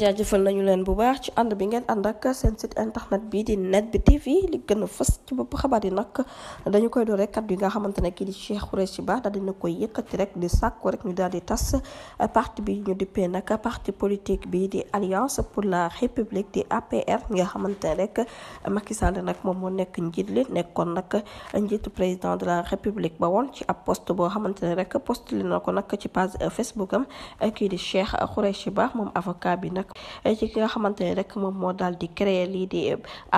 jaajëfal nañu leen bu baax ci ànd bi ngeen ànd ak seen site internet bi di net bi TV li gën a fës ci bopp xabaar yi nag dañu koy door rek kàddu yi nga xamante ne kii di Cheikh Khoureyssi Ba daal dina koy yëkkati rek di sàkku rek ñu daal di tas parti bi ñu dippee nag parti politique bi di alliance pour la république di APR nga xamante ne rek Macky Sall nag moom moo nekk njiit li nekkoon nag njiitu président de la ba woon ci ab poste boo xamante ne rek postulé na ko nag ci page Facebook am kii moom avocat bi nag. Eh, ci ki nga xamante ne rek moom moo daal di créer lii di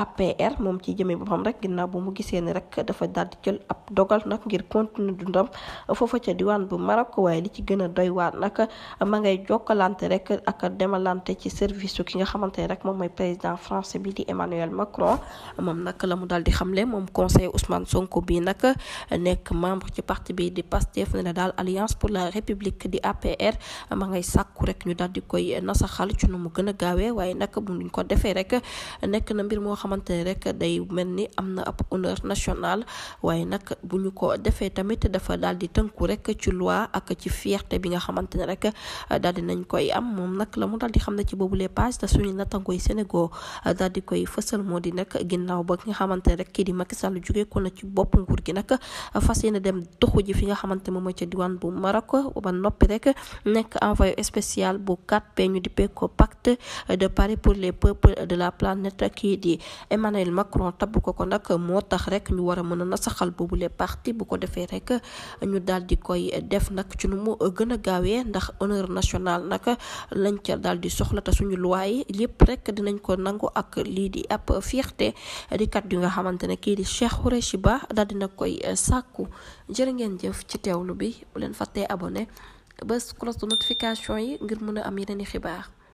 APR moom ci jëmee boppam rek ginnaaw bu mu gisee ni rek dafa daal di jël ab dogal nak ngir continuer dundam foofa ca diwaan bu Maroc waaye li ci gën a doy waar nag ma ngay jokkalante rek ak demalante ci service su nga xamante ne rek moom mooy président français bii di Emmanuel Macron moom nag la mu daal di xamle moom conseil Ousmane Sonko bii nag nekk membre ci parti bii di Pastef ne na daal alliance pour la république di APR ma ngay sàkku rek ñu daal di koy nasaxal mu gën a gaawee waaye nag bu ñu ko defee rek nekk na mbir moo xamante ne rek day mel ni am na ab honneur national waaye nag bu ñu ko defee tamit dafa daal di tënku rek ci loi ak ci fierté bi nga xamante ne rek daal di nañ koy am moom la mu daal di xam ne ci boobu les pages te suñu nattangooy Sénégal daal di koy fësal moo di nag ginnaaw ba nga ne rek kii di Macky Sall jóge ko na ci bopp nguur gi nag fas yéene dem doxu ji fi nga xamante moom mooy ca diwaan bu Maroc ba noppi rek nekk envoyé spécial bu 4P ñu di peko pak acte euh, de Paris pour les peuples de la planète kii di Emmanuel Macron tabb ko ko nag moo tax rek ñu war a mën a nasaxal boobu les parti bu ko defee rek ñu daal di koy def nag ci nu mu gën a gaawee ndax honneur national nag lañ ca daal di soxla te suñu luwaay yépp lépp rek dinañ ko nangu ak lii di ab fierté di kat yu nga xamante ne kii di Cheikh Khoureyssi Ba daal dina koy euh, sàkku jërë ngeen jëf ci teew lu bi bu leen fàttee abonné bés cloche de notification yi ngir mën a am yeneen i xibaar